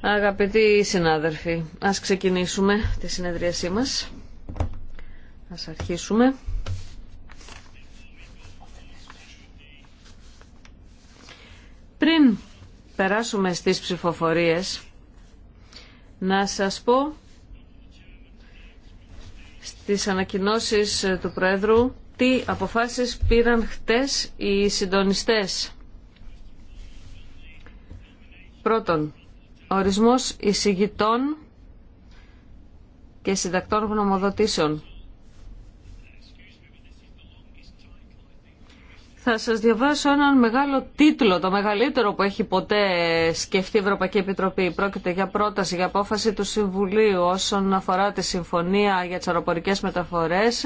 Αγαπητοί συνάδελφοι, ας ξεκινήσουμε τη συνεδρίασή μας. Ας αρχίσουμε. Πριν περάσουμε στις ψηφοφορίες, να σας πω στις ανακοινώσεις του Πρόεδρου τι αποφάσεις πήραν χτες οι συντονιστές Πρώτον, ορισμός εισηγητών και συντακτών γνωμοδοτήσεων. Θα σας διαβάσω έναν μεγάλο τίτλο, το μεγαλύτερο που έχει ποτέ σκεφτεί η Ευρωπαϊκή Επιτροπή. Πρόκειται για πρόταση, για απόφαση του Συμβουλίου όσον αφορά τη Συμφωνία για τις αεροπορικές μεταφορές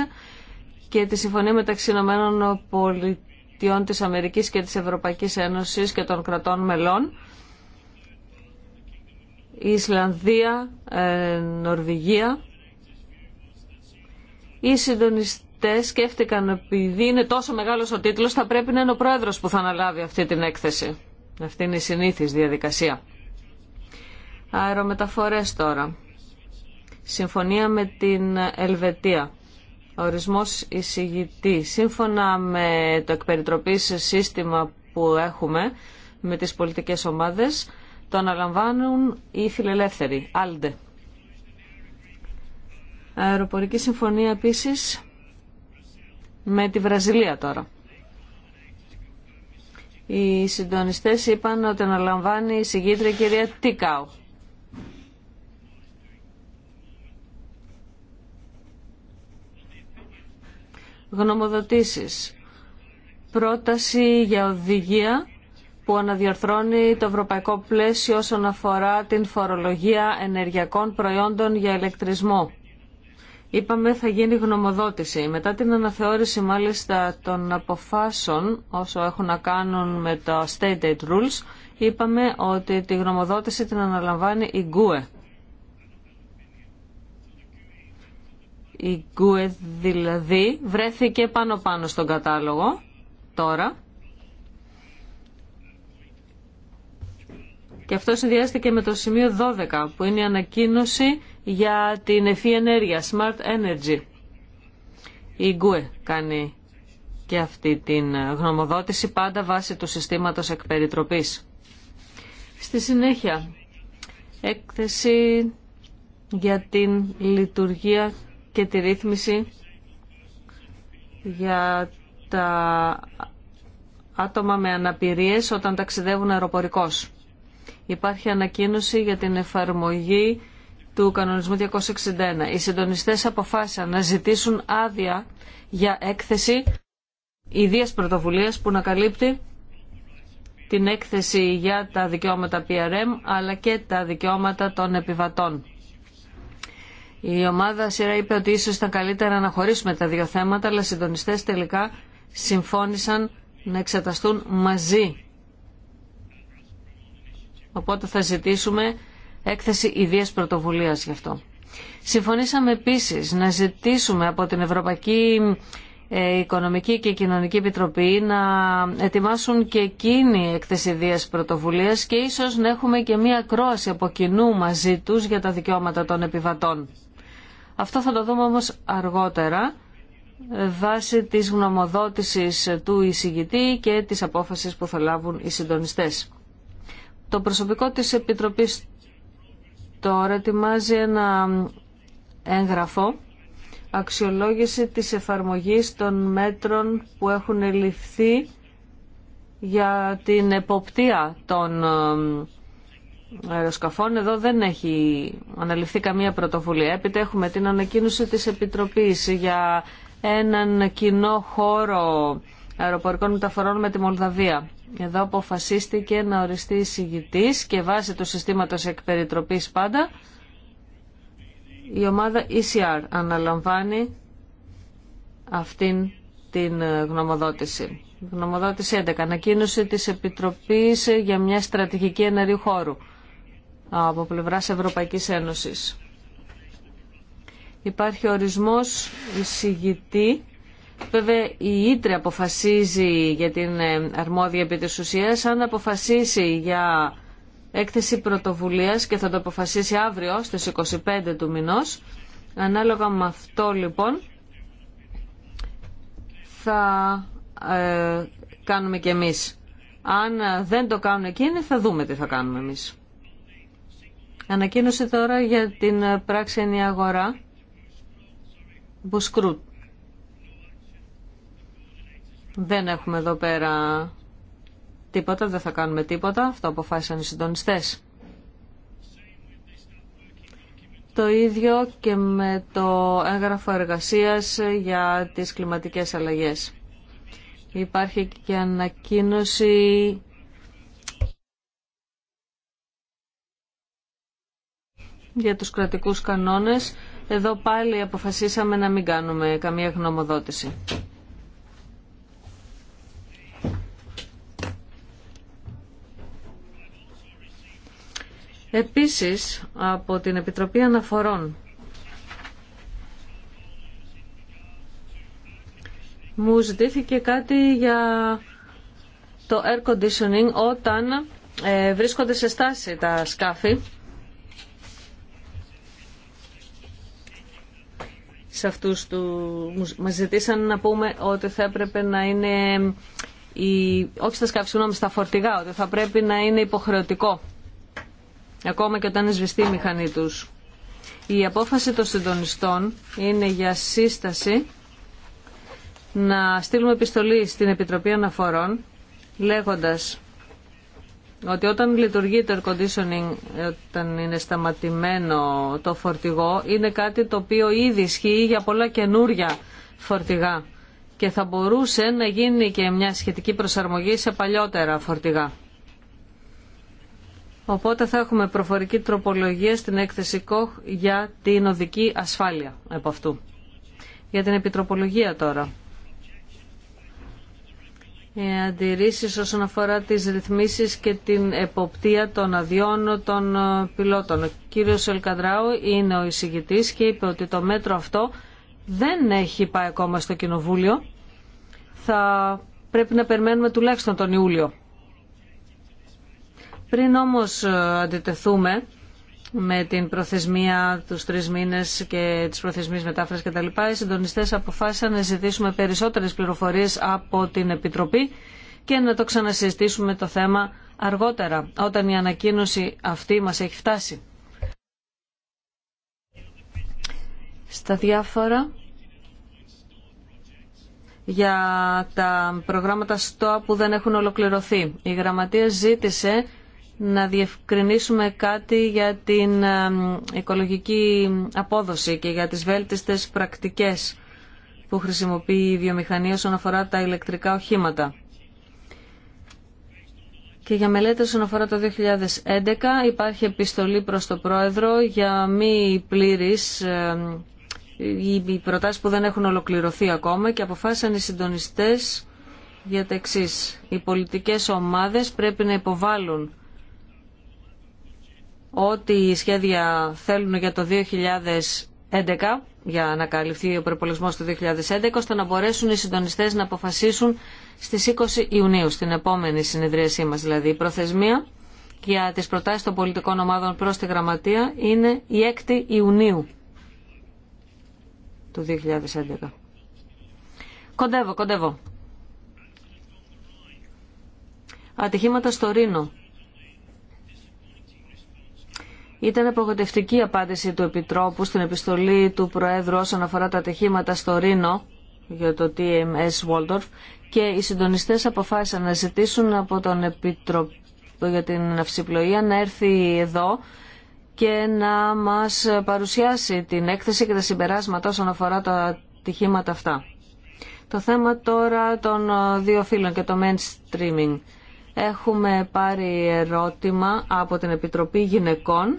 και τη Συμφωνία μεταξύ Ηνωμένων Πολιτειών της Αμερικής και της Ευρωπαϊκής Ένωσης και των κρατών μελών Ισλανδία, ε, Νορβηγία. Οι συντονιστέ σκέφτηκαν επειδή είναι τόσο μεγάλο ο τίτλο, θα πρέπει να είναι ο πρόεδρο που θα αναλάβει αυτή την έκθεση. Αυτή είναι η συνήθι διαδικασία. Αερομεταφορές τώρα. Συμφωνία με την Ελβετία. Ορισμός εισηγητή. Σύμφωνα με το εκπεριτροπής σύστημα που έχουμε με τις πολιτικές ομάδες, το αναλαμβάνουν οι φιλελεύθεροι, Άλντε. Αεροπορική συμφωνία επίσης με τη Βραζιλία τώρα. Οι συντονιστές είπαν ότι αναλαμβάνει η συγγύτρια κυρία Τίκαου. Γνωμοδοτήσεις. Πρόταση για οδηγία που αναδιορθώνει το ευρωπαϊκό πλαίσιο όσον αφορά την φορολογία ενεργειακών προϊόντων για ηλεκτρισμό. Είπαμε θα γίνει γνωμοδότηση. Μετά την αναθεώρηση μάλιστα των αποφάσεων όσο έχουν να κάνουν με τα State Aid Rules, είπαμε ότι τη γνωμοδότηση την αναλαμβάνει η ΓΚΟΕ. Η ΓΚΟΕ δηλαδή βρέθηκε πάνω πάνω στον κατάλογο τώρα Και αυτό συνδυάστηκε με το σημείο 12 που είναι η ανακοίνωση για την ευφύ ενέργεια, smart energy. Η Γκουε κάνει και αυτή την γνωμοδότηση πάντα βάσει του συστήματος εκπεριτροπής. Στη συνέχεια, έκθεση για την λειτουργία και τη ρύθμιση για τα άτομα με αναπηρίες όταν ταξιδεύουν αεροπορικός υπάρχει ανακοίνωση για την εφαρμογή του κανονισμού 261. Οι συντονιστές αποφάσισαν να ζητήσουν άδεια για έκθεση ιδίας πρωτοβουλίας που να καλύπτει την έκθεση για τα δικαιώματα PRM αλλά και τα δικαιώματα των επιβατών. Η ομάδα σειρά είπε ότι ίσως ήταν καλύτερα να χωρίσουμε τα δύο θέματα, αλλά οι συντονιστές τελικά συμφώνησαν να εξεταστούν μαζί Οπότε θα ζητήσουμε έκθεση ιδίας πρωτοβουλίας γι' αυτό. Συμφωνήσαμε επίσης να ζητήσουμε από την Ευρωπαϊκή ε, Οικονομική και Κοινωνική Επιτροπή να ετοιμάσουν και εκείνη έκθεση ιδίας πρωτοβουλίας και ίσως να έχουμε και μία κρόαση από κοινού μαζί τους για τα δικαιώματα των επιβατών. Αυτό θα το δούμε όμως αργότερα βάσει της γνωμοδότησης του εισηγητή και της απόφασης που θα λάβουν οι συντονιστές. Το προσωπικό της Επιτροπής τώρα ετοιμάζει ένα έγγραφο αξιολόγηση της εφαρμογής των μέτρων που έχουν ληφθεί για την εποπτεία των ε, αεροσκαφών. Εδώ δεν έχει αναλυφθεί καμία πρωτοβουλία. Έπειτα έχουμε την ανακοίνωση της Επιτροπής για έναν κοινό χώρο αεροπορικών μεταφορών με τη Μολδαβία. Εδώ αποφασίστηκε να οριστεί εισηγητής και βάσει του συστήματος εκπεριτροπής πάντα η ομάδα ECR αναλαμβάνει αυτήν την ε, γνωμοδότηση. Γνωμοδότηση 11. Ανακοίνωση της Επιτροπής για μια στρατηγική ενεργή χώρου από πλευράς Ευρωπαϊκής Ένωσης. Υπάρχει ορισμός εισηγητή Βέβαια η Ήτρε αποφασίζει για την ε, αρμόδια επί της ουσίας, αν αποφασίσει για έκθεση πρωτοβουλίας και θα το αποφασίσει αύριο στις 25 του μηνός. Ανάλογα με αυτό λοιπόν θα ε, κάνουμε και εμείς. Αν δεν το κάνουν εκείνοι θα δούμε τι θα κάνουμε εμείς. Ανακοίνωση τώρα για την ε, πράξενη αγορά. Δεν έχουμε εδώ πέρα τίποτα, δεν θα κάνουμε τίποτα. Αυτό αποφάσισαν οι συντονιστές. Το ίδιο και με το έγγραφο εργασίας για τις κλιματικές αλλαγές. Υπάρχει και ανακοίνωση για τους κρατικούς κανόνες. Εδώ πάλι αποφασίσαμε να μην κάνουμε καμία γνωμοδότηση. Επίσης, από την Επιτροπή Αναφορών μου ζητήθηκε κάτι για το air conditioning όταν ε, βρίσκονται σε στάση τα σκάφη. σε αυτούς του... Μας ζητήσαν να πούμε ότι θα έπρεπε να είναι... Η... Όχι στα σκάφη, συγγνώμη, στα φορτηγά, ότι θα πρέπει να είναι υποχρεωτικό ακόμα και όταν σβηστεί η μηχανή τους. Η απόφαση των συντονιστών είναι για σύσταση να στείλουμε επιστολή στην Επιτροπή Αναφορών λέγοντας ότι όταν λειτουργεί το air conditioning, όταν είναι σταματημένο το φορτηγό, είναι κάτι το οποίο ήδη ισχύει για πολλά καινούρια φορτηγά και θα μπορούσε να γίνει και μια σχετική προσαρμογή σε παλιότερα φορτηγά. Οπότε θα έχουμε προφορική τροπολογία στην έκθεση ΚΟΧ για την οδική ασφάλεια από αυτού. Για την επιτροπολογία τώρα. Ε, αντιρρήσεις όσον αφορά τις ρυθμίσεις και την εποπτεία των αδειών των ε, πιλότων. Ο κύριος Ελκαντράου είναι ο εισηγητής και είπε ότι το μέτρο αυτό δεν έχει πάει ακόμα στο Κοινοβούλιο. Θα πρέπει να περιμένουμε τουλάχιστον τον Ιούλιο. Πριν όμως ε, αντιτεθούμε με την προθεσμία τους τρεις μήνες και τις προθεσμίες μετάφρασης κτλ. Οι συντονιστέ αποφάσισαν να ζητήσουμε περισσότερες πληροφορίες από την Επιτροπή και να το ξανασυζητήσουμε το θέμα αργότερα, όταν η ανακοίνωση αυτή μας έχει φτάσει. Στα διάφορα για τα προγράμματα ΣΤΟΑ που δεν έχουν ολοκληρωθεί. Η Γραμματεία ζήτησε να διευκρινίσουμε κάτι για την ε, οικολογική απόδοση και για τις βέλτιστες πρακτικές που χρησιμοποιεί η βιομηχανία όσον αφορά τα ηλεκτρικά οχήματα. Και για μελέτες όσον αφορά το 2011 υπάρχει επιστολή προς το Πρόεδρο για μη πλήρης ε, οι προτάσεις που δεν έχουν ολοκληρωθεί ακόμα και αποφάσισαν οι συντονιστές για τα εξής. Οι πολιτικές ομάδες πρέπει να υποβάλουν ό,τι οι σχέδια θέλουν για το 2011 για να καλυφθεί ο προπολογισμό του 2011, ώστε να μπορέσουν οι συντονιστέ να αποφασίσουν στι 20 Ιουνίου, στην επόμενη συνεδρίασή μα. Δηλαδή, η προθεσμία για τι προτάσει των πολιτικών ομάδων προ τη Γραμματεία είναι η 6η Ιουνίου του 2011. Κοντεύω, κοντεύω. Ατυχήματα στο Ρήνο. Ήταν απογοητευτική απάντηση του Επιτρόπου στην επιστολή του Προέδρου όσον αφορά τα ατυχήματα στο Ρήνο για το TMS Waldorf και οι συντονιστές αποφάσισαν να ζητήσουν από τον Επιτροπό για την αυσιπλοεία να έρθει εδώ και να μας παρουσιάσει την έκθεση και τα συμπεράσματα όσον αφορά τα ατυχήματα αυτά. Το θέμα τώρα των δύο φίλων και το mainstreaming. Έχουμε πάρει ερώτημα από την Επιτροπή Γυναικών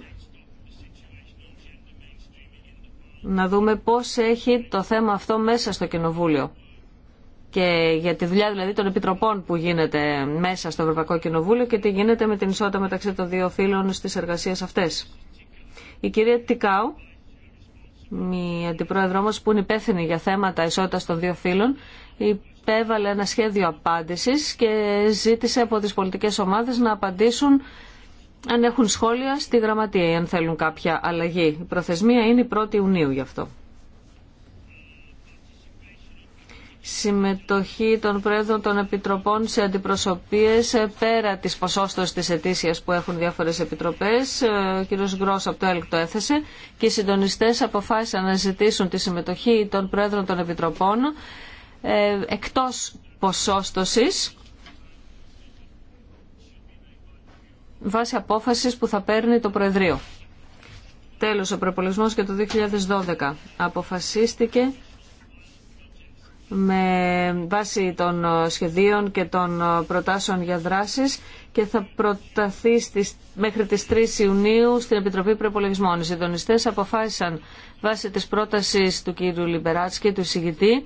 να δούμε πώς έχει το θέμα αυτό μέσα στο Κοινοβούλιο και για τη δουλειά δηλαδή των επιτροπών που γίνεται μέσα στο Ευρωπαϊκό Κοινοβούλιο και τι γίνεται με την ισότητα μεταξύ των δύο φύλων στις εργασίες αυτές. Η κυρία Τικάου, η αντιπρόεδρό μας που είναι υπεύθυνη για θέματα ισότητας των δύο φύλων, υπέβαλε ένα σχέδιο απάντησης και ζήτησε από τις πολιτικές ομάδες να απαντήσουν αν έχουν σχόλια στη γραμματεία, αν θέλουν κάποια αλλαγή. Η προθεσμία είναι η 1η Ιουνίου γι' αυτό. Συμμετοχή των Πρόεδρων των Επιτροπών σε αντιπροσωπείες ε, πέρα της ποσόστος της αιτήσιας που έχουν διάφορες επιτροπές. Ε, ο κ. Γκρός από το ΕΛΚ το έθεσε και οι συντονιστές αποφάσισαν να ζητήσουν τη συμμετοχή των Πρόεδρων των Επιτροπών ε, εκτός ποσόστοσης βάσει απόφασης που θα παίρνει το Προεδρείο. Τέλος, ο προπολογισμό και το 2012 αποφασίστηκε με βάση των σχεδίων και των προτάσεων για δράσεις και θα προταθεί στις, μέχρι τις 3 Ιουνίου στην Επιτροπή Προπολογισμών. Οι συντονιστές αποφάσισαν βάσει της πρότασης του κ. Λιμπεράτσκη, του εισηγητή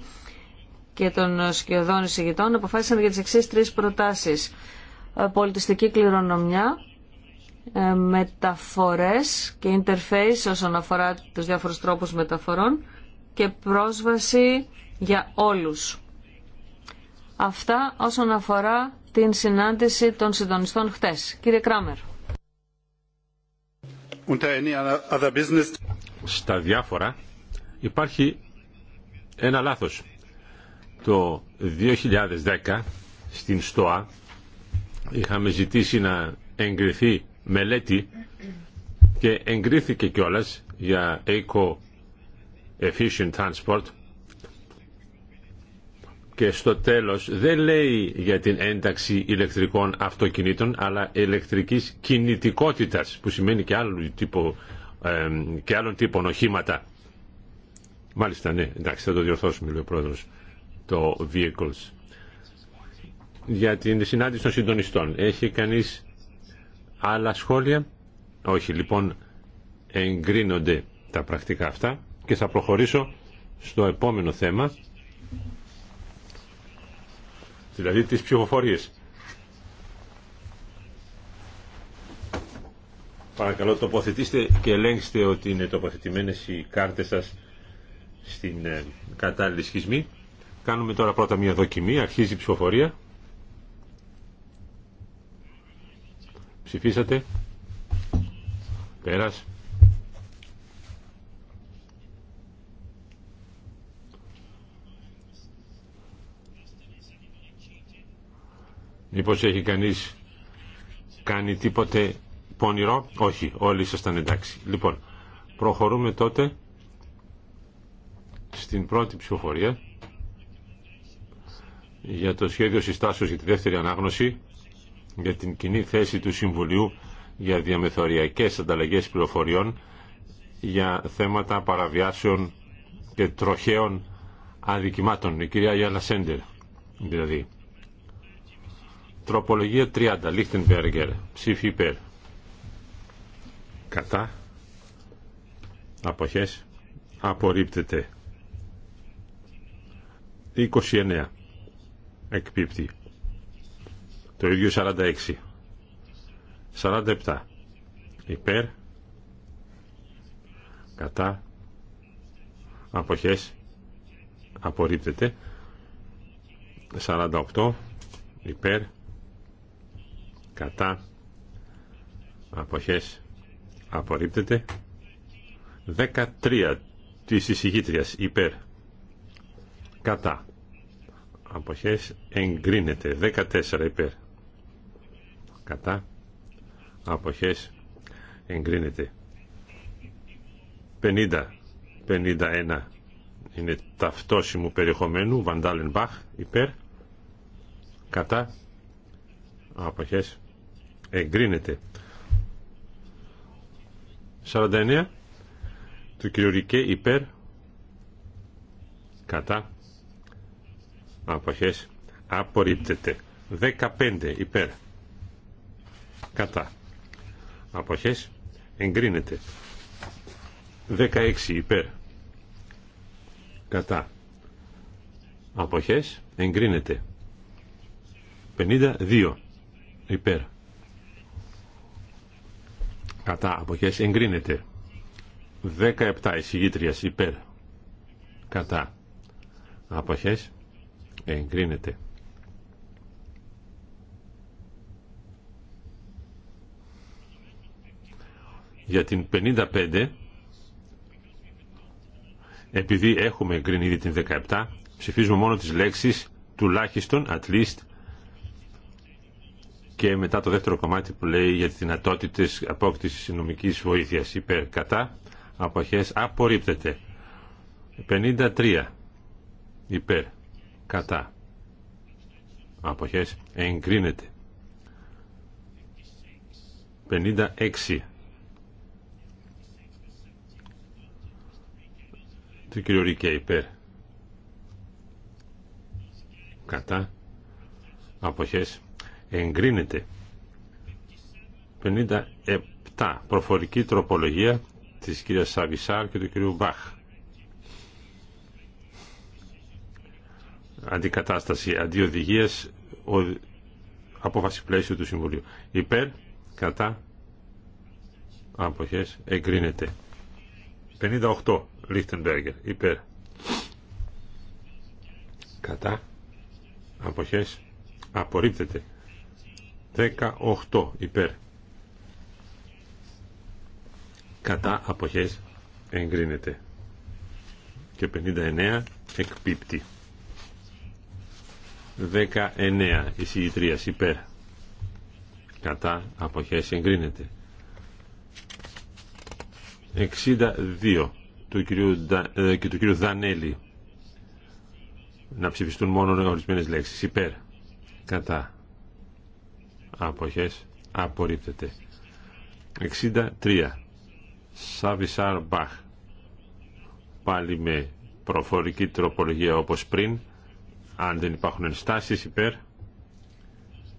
και των σχεδόν εισηγητών, αποφάσισαν για τις εξής τρεις προτάσεις πολιτιστική κληρονομιά, ε, μεταφορές και interface όσον αφορά τους διάφορους τρόπους μεταφορών και πρόσβαση για όλους. Αυτά όσον αφορά την συνάντηση των συντονιστών χτες. Κύριε Κράμερ. Στα διάφορα υπάρχει ένα λάθος. Το 2010 στην ΣΤΟΑ είχαμε ζητήσει να εγκριθεί μελέτη και εγκρίθηκε κιόλας για Eco Efficient Transport και στο τέλος δεν λέει για την ένταξη ηλεκτρικών αυτοκινήτων αλλά ηλεκτρικής κινητικότητας που σημαίνει και, άλλων τύπο, και άλλων τύπων οχήματα. Μάλιστα ναι, εντάξει θα το διορθώσουμε λέει ο πρόεδρος το vehicles για την συνάντηση των συντονιστών. Έχει κανείς άλλα σχόλια. Όχι, λοιπόν, εγκρίνονται τα πρακτικά αυτά και θα προχωρήσω στο επόμενο θέμα, δηλαδή τις ψηφοφορίες. Παρακαλώ τοποθετήστε και ελέγξτε ότι είναι τοποθετημένες οι κάρτες σας στην ε, κατάλληλη σχισμή. Κάνουμε τώρα πρώτα μια δοκιμή, αρχίζει η ψηφοφορία. Ψηφίσατε. Πέρας. Μήπω έχει κανείς κάνει τίποτε πονηρό. Όχι, όλοι ήσασταν εντάξει. Λοιπόν, προχωρούμε τότε στην πρώτη ψηφοφορία για το σχέδιο συστάσεως για τη δεύτερη ανάγνωση για την κοινή θέση του Συμβουλίου για διαμεθοριακές ανταλλαγές πληροφοριών για θέματα παραβιάσεων και τροχαίων αδικημάτων. Η κυρία Γιάννα Σέντερ, δηλαδή. Τροπολογία 30, Λίχτενμπεργκερ, ψήφι υπέρ. Κατά. Αποχές. Απορρίπτεται. 29. Εκπίπτει. Το ίδιο 46. 47. Υπέρ. Κατά. Αποχές. Απορρίπτεται. 48. Υπέρ. Κατά. Αποχές. Απορρίπτεται. 13 της εισηγήτριας υπέρ κατά αποχές εγκρίνεται 14 υπέρ κατά αποχές εγκρίνεται 50 51 είναι ταυτόσιμου περιεχομένου Βαντάλεν Μπαχ υπέρ κατά αποχές εγκρίνεται 49 του κ. Ρικέ υπέρ κατά αποχές απορρίπτεται 15 υπέρ κατά αποχές εγκρίνεται 16 υπέρ κατά αποχές εγκρίνεται 52 υπέρ κατά αποχές εγκρίνεται 17 εισηγήτριας υπέρ κατά αποχές εγκρίνεται για την 55 επειδή έχουμε εγκρίνει ήδη την 17 ψηφίζουμε μόνο τις λέξεις τουλάχιστον, at least και μετά το δεύτερο κομμάτι που λέει για τις δυνατότητες απόκτησης νομικής βοήθειας υπέρ κατά αποχές απορρίπτεται 53 υπέρ κατά αποχές εγκρίνεται 56 του κύριο Ρίκε υπέρ κατά αποχές εγκρίνεται 57 προφορική τροπολογία της κυρίας Σαβισάρ και του κυρίου Μπαχ αντικατάσταση αντί Ο... απόφαση πλαίσιο του Συμβουλίου υπέρ κατά αποχές εγκρίνεται 58 Λίχτενμπέργκερ. Υπέρ. Κατά. Αποχές. Απορρίπτεται. 18. Υπέρ. Κατά. Αποχές. Εγκρίνεται. Και 59. Εκπίπτει. 19. Εισηγητρίας. Υπέρ. Κατά. Αποχές. Εγκρίνεται. 62 του ε, και του κυρίου Δανέλη να ψηφιστούν μόνο ορισμένε λέξεις. Υπέρ. Κατά. Αποχές. Απορρίπτεται. 63. Σαβισάρ Μπαχ. Πάλι με προφορική τροπολογία όπως πριν. Αν δεν υπάρχουν ενστάσεις υπέρ.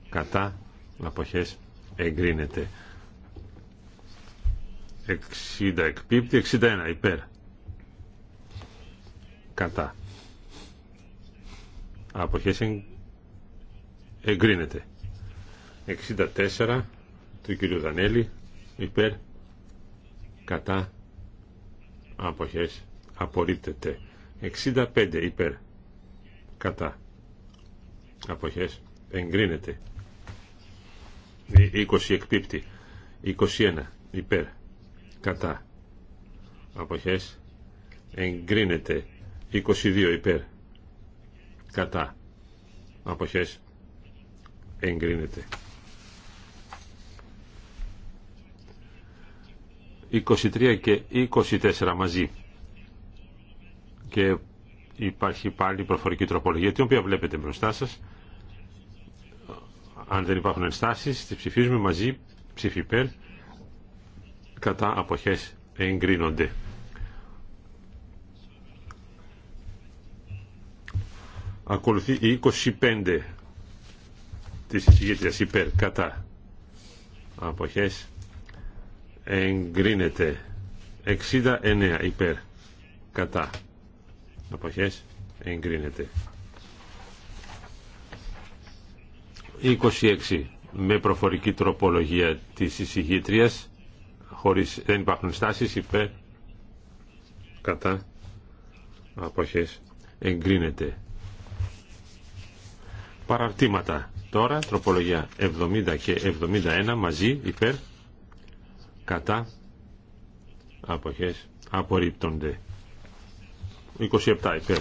Κατά. Αποχές. Εγκρίνεται. 60 εκπίπτει. 61 υπέρ κατά αποχές εγκρίνεται 64 του κυρίου Δανέλη υπέρ κατά αποχές απορρίπτεται 65 υπέρ κατά αποχές εγκρίνεται 20 εκπίπτει 21 υπέρ κατά αποχές εγκρίνεται 22 υπέρ κατά αποχές εγκρίνεται 23 και 24 μαζί και υπάρχει πάλι προφορική τροπολογία την οποία βλέπετε μπροστά σας αν δεν υπάρχουν ενστάσεις τη ψηφίζουμε μαζί ψήφι υπέρ κατά αποχές εγκρίνονται Ακολουθεί η 25 της εισηγήτριας υπέρ κατά αποχές εγκρίνεται 69 υπέρ κατά αποχές εγκρίνεται 26 με προφορική τροπολογία της εισηγήτριας χωρίς δεν υπάρχουν στάσεις υπέρ κατά αποχές εγκρίνεται Παραρτήματα. Τώρα τροπολογία 70 και 71 μαζί υπέρ κατά αποχές απορρίπτονται. 27 υπέρ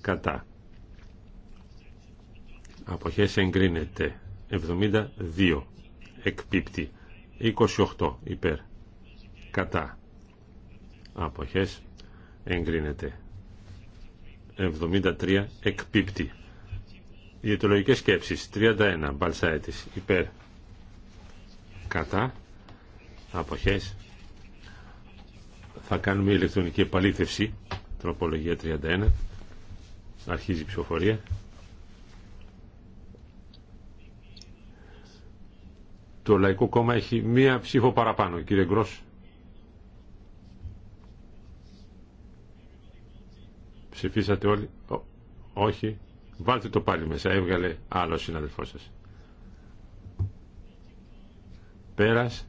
κατά αποχές εγκρίνεται. 72 εκπίπτει. 28 υπέρ κατά αποχές εγκρίνεται. 73 εκπίπτει. Διαιτολογικές σκέψεις 31 μπαλσάετης υπέρ κατά αποχές θα κάνουμε ηλεκτρονική επαλήθευση τροπολογία 31 αρχίζει η ψηφοφορία το Λαϊκό Κόμμα έχει μία ψήφο παραπάνω κύριε Γκρός Ψηφίσατε όλοι. όχι. Βάλτε το πάλι μέσα. Έβγαλε άλλο συναδελφό σα. Πέρας.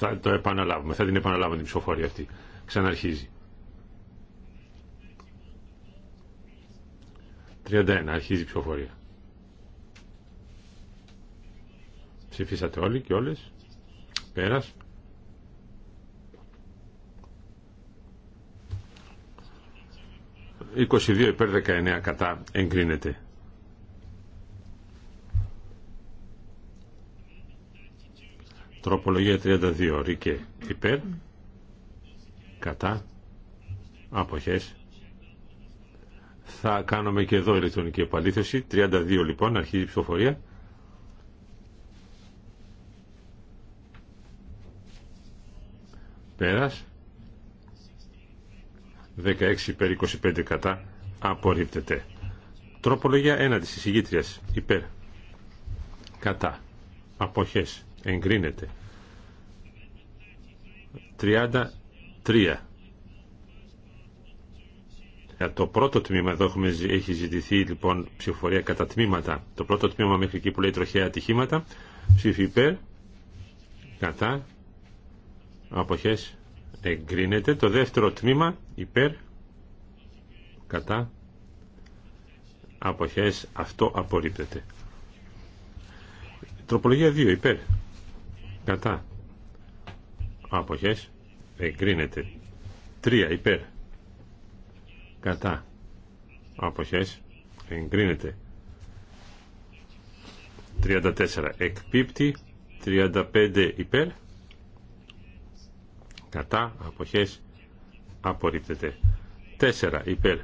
θα το επαναλάβουμε, θα την επαναλάβουμε την ψηφοφορία αυτή. Ξαναρχίζει. 31, αρχίζει η ψηφοφορία. Ψηφίσατε όλοι και όλες. Πέρας. «22 υπέρ 19 κατά εγκρίνεται». Τροπολογία 32. Ρίκε υπέρ. Κατά. Αποχές. Θα κάνουμε και εδώ ηλεκτρονική επαλήθευση. 32 λοιπόν. Αρχίζει η ψηφοφορία. Πέρας. 16 υπέρ 25 κατά. Απορρίπτεται. Τροπολογία 1 της εισηγήτριας. Υπέρ. Κατά. Αποχές. Εγκρίνεται. 33. Για το πρώτο τμήμα, εδώ έχουμε, έχει ζητηθεί λοιπόν ψηφοφορία κατά τμήματα. Το πρώτο τμήμα μέχρι εκεί που λέει τροχαία ατυχήματα. Ψήφι υπέρ. Κατά αποχές εγκρίνεται το δεύτερο τμήμα υπέρ κατά αποχές αυτό απορρίπτεται τροπολογία 2 υπέρ κατά αποχές εγκρίνεται 3 υπέρ κατά αποχές εγκρίνεται 34 εκπίπτει 35 υπέρ κατά αποχές απορρίπτεται 4 υπέρ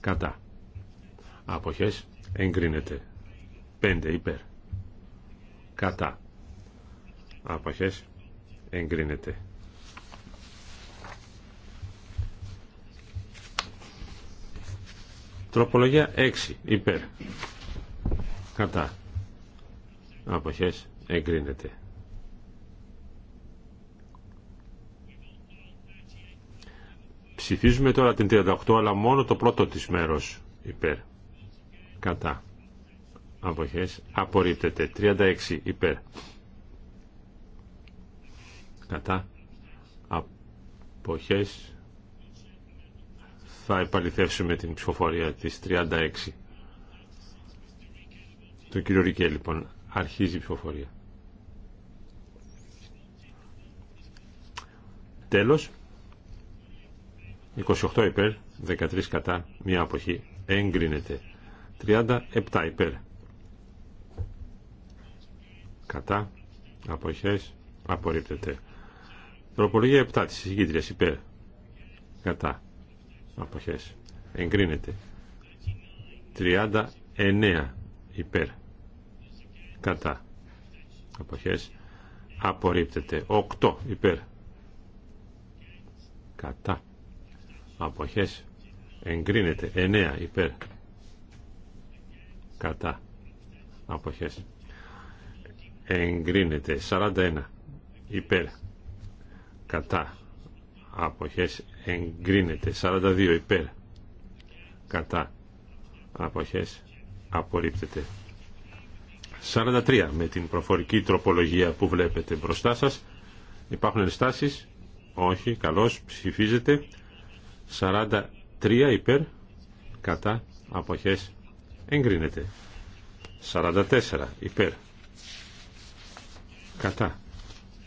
κατά αποχές εγκρίνεται 5 υπέρ κατά αποχές εγκρίνεται Τροπολογία 6 υπέρ κατά αποχές εγκρίνεται Ψηφίζουμε τώρα την 38 αλλά μόνο το πρώτο της μέρος υπέρ. Κατά. Αποχές. Απορρίπτεται. 36 υπέρ. Κατά. Αποχές. Θα επαληθεύσουμε την ψηφοφορία της 36. Το κύριο Ρικέ λοιπόν. Αρχίζει η ψηφοφορία. Τέλος. 28 υπέρ, 13 κατά, μία αποχή. Εγκρίνεται. 37 υπέρ. Κατά. Αποχές. Απορρίπτεται. Τροπολογία 7 τη συγκίτρια υπέρ. Κατά. Αποχές. Εγκρίνεται. 39 υπέρ. Κατά. Αποχές. Απορρίπτεται. 8 υπέρ. Κατά αποχές εγκρίνεται 9 υπέρ κατά αποχές εγκρίνεται 41 υπέρ κατά αποχές εγκρίνεται 42 υπέρ κατά αποχές απορρίπτεται 43 με την προφορική τροπολογία που βλέπετε μπροστά σας υπάρχουν ενστάσεις όχι καλώς ψηφίζεται 43 υπέρ κατά αποχές εγκρίνεται 44 υπέρ κατά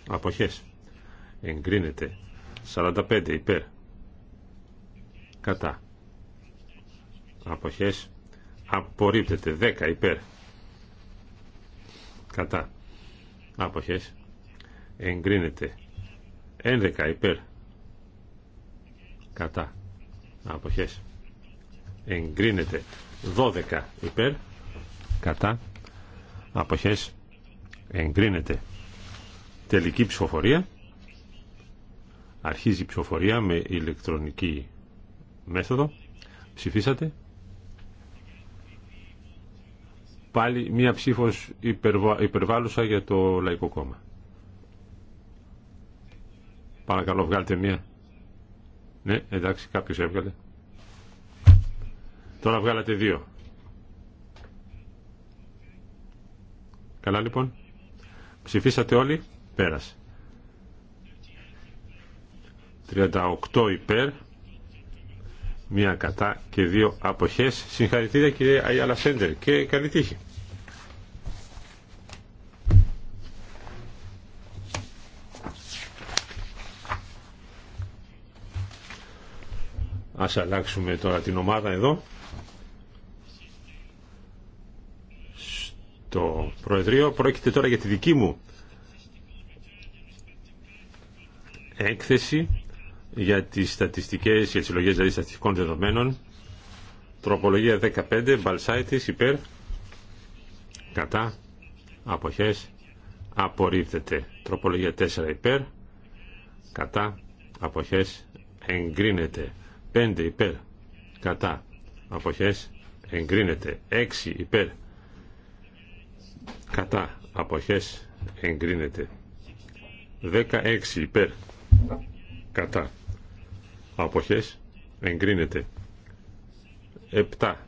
αποχές εγκρίνεται 45 υπέρ κατά αποχές απορρίπτεται 10 υπέρ κατά αποχές εγκρίνεται 11 υπέρ κατά αποχές εγκρίνεται 12 υπέρ κατά αποχές εγκρίνεται τελική ψηφοφορία αρχίζει η ψηφοφορία με ηλεκτρονική μέθοδο ψηφίσατε πάλι μία ψήφος υπερβα... υπερβάλλουσα για το Λαϊκό Κόμμα παρακαλώ βγάλτε μία ναι, εντάξει, κάποιο έβγαλε. Τώρα βγάλατε δύο. Καλά λοιπόν. Ψηφίσατε όλοι. Πέρασε. 38 υπέρ, μία κατά και δύο αποχές. Συγχαρητήρια κύριε Αγιάλα Σέντερ και καλή τύχη. Ας αλλάξουμε τώρα την ομάδα εδώ. Στο Προεδρείο πρόκειται τώρα για τη δική μου έκθεση για τις στατιστικές, και τις συλλογές δηλαδή στατιστικών δεδομένων. Τροπολογία 15, Μπαλσάιτης, υπέρ, κατά, αποχές, απορρίπτεται. Τροπολογία 4, υπέρ, κατά, αποχές, εγκρίνεται. Πέντε υπέρ κατά αποχές εγκρίνεται Έξι υπέρ κατά αποχές εγκρίνεται έξι υπέρ κατά αποχές εγκρίνεται Επτά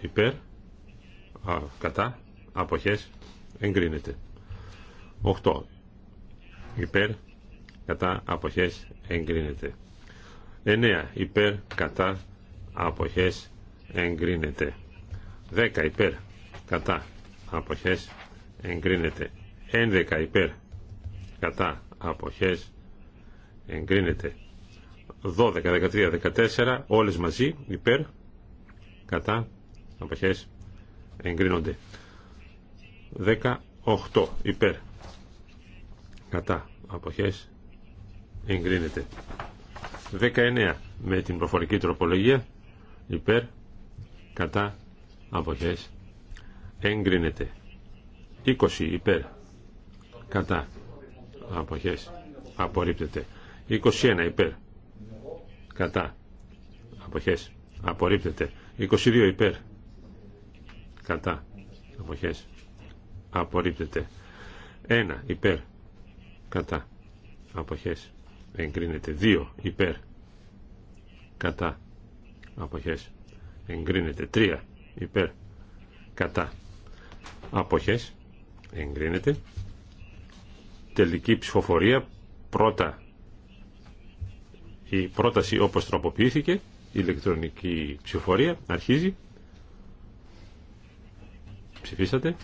υπέρ κατά αποχές εγκρίνεται 8 υπέρ κατά αποχές εγκρίνεται 9 υπέρ κατά αποχές εγκρίνεται 10 υπέρ κατά αποχές εγκρίνεται 11 υπέρ κατά αποχές εγκρίνεται 12, 13, 14 όλες μαζί υπέρ κατά αποχές εγκρίνονται 18 υπέρ κατά αποχές εγκρίνεται 19 με την προφορική τροπολογία υπέρ κατά αποχές εγκρίνεται 20 υπέρ κατά αποχές απορρίπτεται 21 υπέρ κατά αποχές απορρίπτεται 22 υπέρ κατά αποχές απορρίπτεται 1 υπέρ κατά αποχές εγκρίνεται 2 υπέρ κατά αποχές εγκρίνεται 3 υπέρ κατά αποχές εγκρίνεται τελική ψηφοφορία πρώτα η πρόταση όπως τροποποιήθηκε η ηλεκτρονική ψηφοφορία αρχίζει ψηφίσατε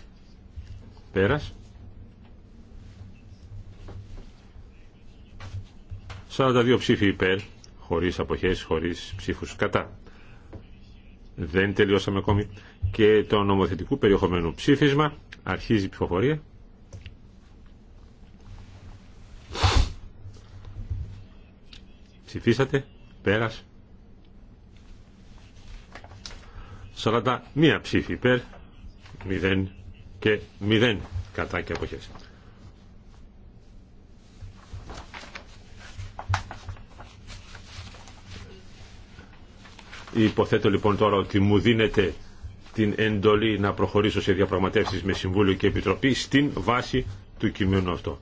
πέρας 42 ψήφοι υπέρ, χωρίς αποχές, χωρίς ψήφους κατά. Δεν τελειώσαμε ακόμη και το νομοθετικού περιεχομένου ψήφισμα. Αρχίζει η ψηφοφορία. Ψηφίσατε. Πέρας. 41 ψήφοι υπέρ, 0 και 0 κατά και αποχές. Υποθέτω λοιπόν τώρα ότι μου δίνεται την εντολή να προχωρήσω σε διαπραγματεύσεις με Συμβούλιο και Επιτροπή στην βάση του κειμένου αυτό.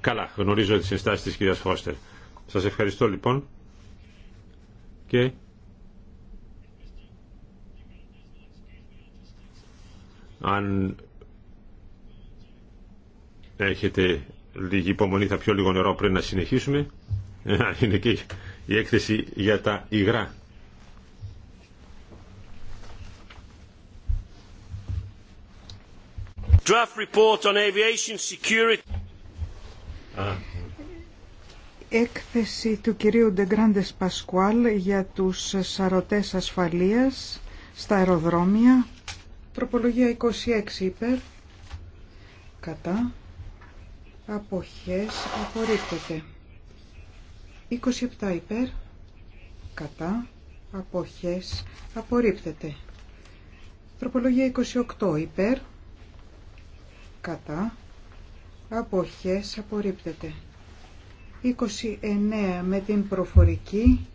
Καλά, γνωρίζω τις ενστάσεις της κυρίας Φώστερ. Σας ευχαριστώ λοιπόν και αν έχετε λίγη υπομονή θα πιω λίγο νερό πριν να συνεχίσουμε. Είναι και η έκθεση για τα υγρά. draft report on aviation security. Έκθεση του κυρίου Ντεγκράντε Πασκουάλ για τους σαρωτές ασφαλείας στα αεροδρόμια. Τροπολογία 26 υπέρ. Κατά. Αποχές απορρίπτεται. 27 υπέρ. Κατά. Αποχές απορρίπτεται. Τροπολογία 28 υπέρ κατά αποχές απορρίπτεται 29 με την προφορική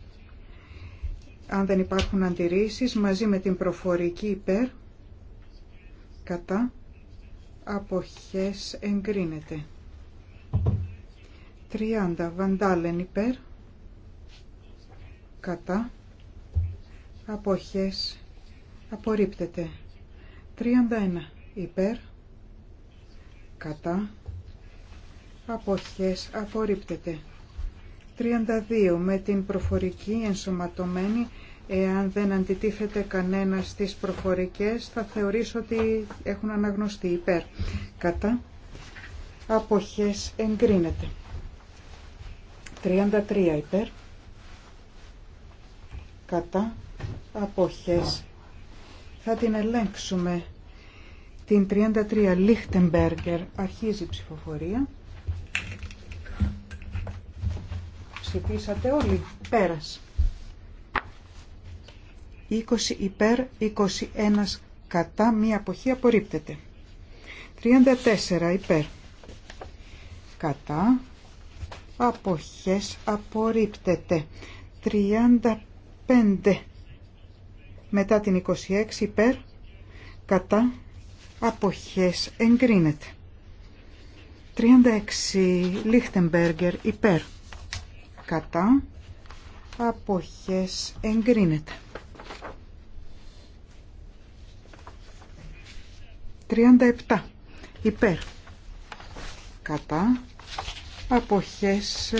αν δεν υπάρχουν αντιρρήσεις μαζί με την προφορική υπέρ κατά αποχές εγκρίνεται 30 βαντάλεν υπέρ κατά αποχές απορρίπτεται 31 υπέρ κατά αποχές απορρίπτεται. 32. Με την προφορική ενσωματωμένη, εάν δεν αντιτίθεται κανένα στις προφορικές, θα θεωρήσω ότι έχουν αναγνωστεί υπέρ. Κατά αποχές εγκρίνεται. 33 υπέρ. Κατά αποχές θα την ελέγξουμε την 33 Λίχτεμπεργκερ αρχίζει η ψηφοφορία. Ψηφίσατε όλοι. Πέρας. 20 υπέρ, 21 κατά, μία αποχή απορρίπτεται. 34 υπέρ. Κατά. Αποχές απορρίπτεται. 35. Μετά την 26 υπέρ. Κατά αποχές εγκρίνεται. 36 Λίχτεμπέργκερ υπέρ κατά αποχές εγκρίνεται. 37 υπέρ κατά αποχές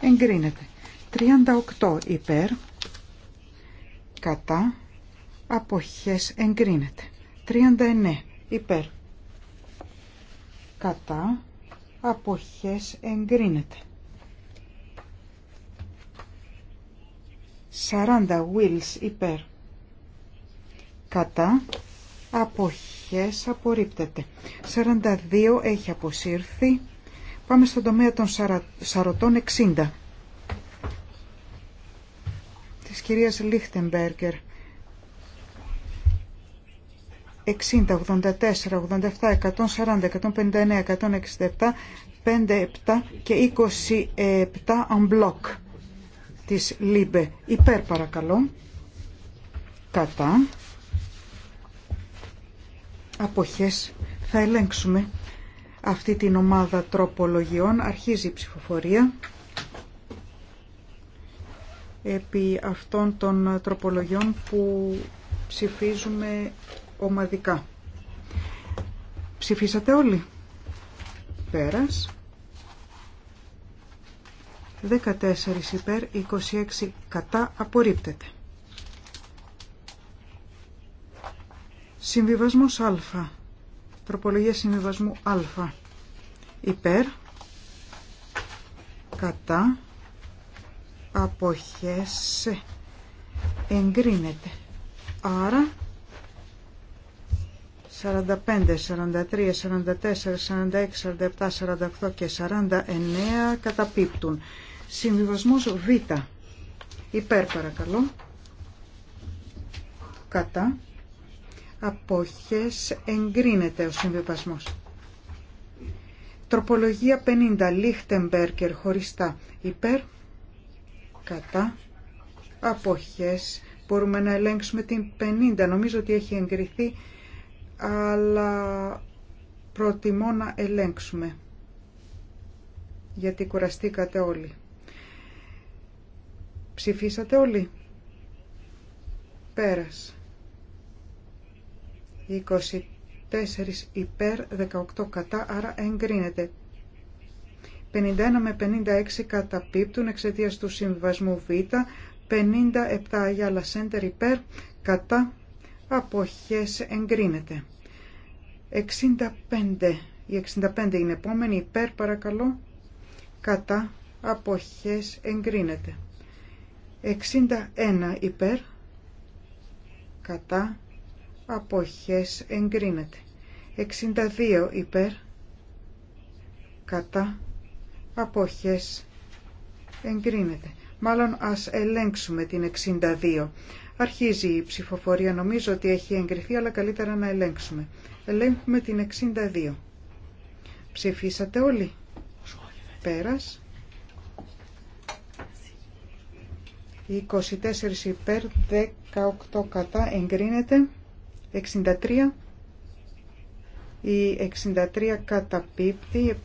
εγκρίνεται. 38 υπέρ κατά αποχές εγκρίνεται. 39 υπέρ κατά αποχές εγκρίνεται 40 wheels υπέρ κατά αποχές απορρίπτεται 42 έχει αποσύρθει πάμε στον τομέα των σαρα... σαρωτών 60 της κυρίας Λίχτεμπέργκερ 60, 84, 87, 140, 159, 167, 57 και 27 on block της ΛΥΜΠΕ. Υπέρ παρακαλώ. Κατά. Αποχές. Θα ελέγξουμε αυτή την ομάδα τροπολογιών. Αρχίζει η ψηφοφορία. Επί αυτών των τροπολογιών που ψηφίζουμε ομαδικά. Ψηφίσατε όλοι. Πέρας. 14 υπέρ, 26 κατά, απορρίπτεται. Συμβιβασμός Α. Τροπολογία συμβιβασμού Α. Υπέρ. Κατά. Αποχές. Εγκρίνεται. Άρα 45, 43, 44, 46, 47, 48 και 49 καταπίπτουν. Συμβιβασμός Β. Υπέρ παρακαλώ. Κατά. Αποχές εγκρίνεται ο συμβιβασμός. Τροπολογία 50. Λίχτεμπερκερ χωριστά. Υπέρ. Κατά. Αποχές. Μπορούμε να ελέγξουμε την 50. Νομίζω ότι έχει εγκριθεί αλλά προτιμώ να ελέγξουμε γιατί κουραστήκατε όλοι. Ψηφίσατε όλοι. Πέρας. 24 υπέρ, 18 κατά, άρα εγκρίνεται. 51 με 56 καταπίπτουν εξαιτία του συμβασμού Β, 57 για λασέντερ υπέρ, κατά αποχές εγκρίνεται. 65, η 65 είναι επόμενη, υπέρ παρακαλώ, κατά αποχές εγκρίνεται. 61 υπέρ, κατά αποχές εγκρίνεται. 62 υπέρ, κατά αποχές εγκρίνεται. Μάλλον ας ελέγξουμε την 62. Αρχίζει η ψηφοφορία, νομίζω ότι έχει εγκριθεί, αλλά καλύτερα να ελέγξουμε. Ελέγχουμε την 62. Ψηφίσατε όλοι. Πέρας. 24 υπέρ, 18 κατά, εγκρίνεται. 63. Η 63 καταπίπτει,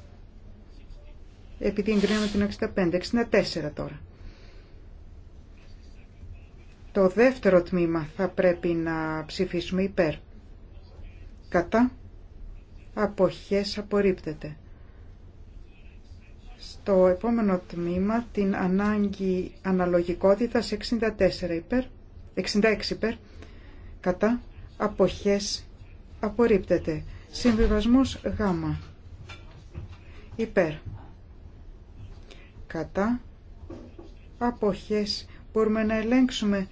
επειδή εγκρίναμε την 65. 64 τώρα. Το δεύτερο τμήμα θα πρέπει να ψηφίσουμε υπέρ. Κατά. Αποχές απορρίπτεται. Στο επόμενο τμήμα την ανάγκη αναλογικότητας 64 υπέρ, 66 υπέρ, κατά αποχές απορρίπτεται. Συμβιβασμός Γ. Υπέρ. Κατά αποχές μπορούμε να ελέγξουμε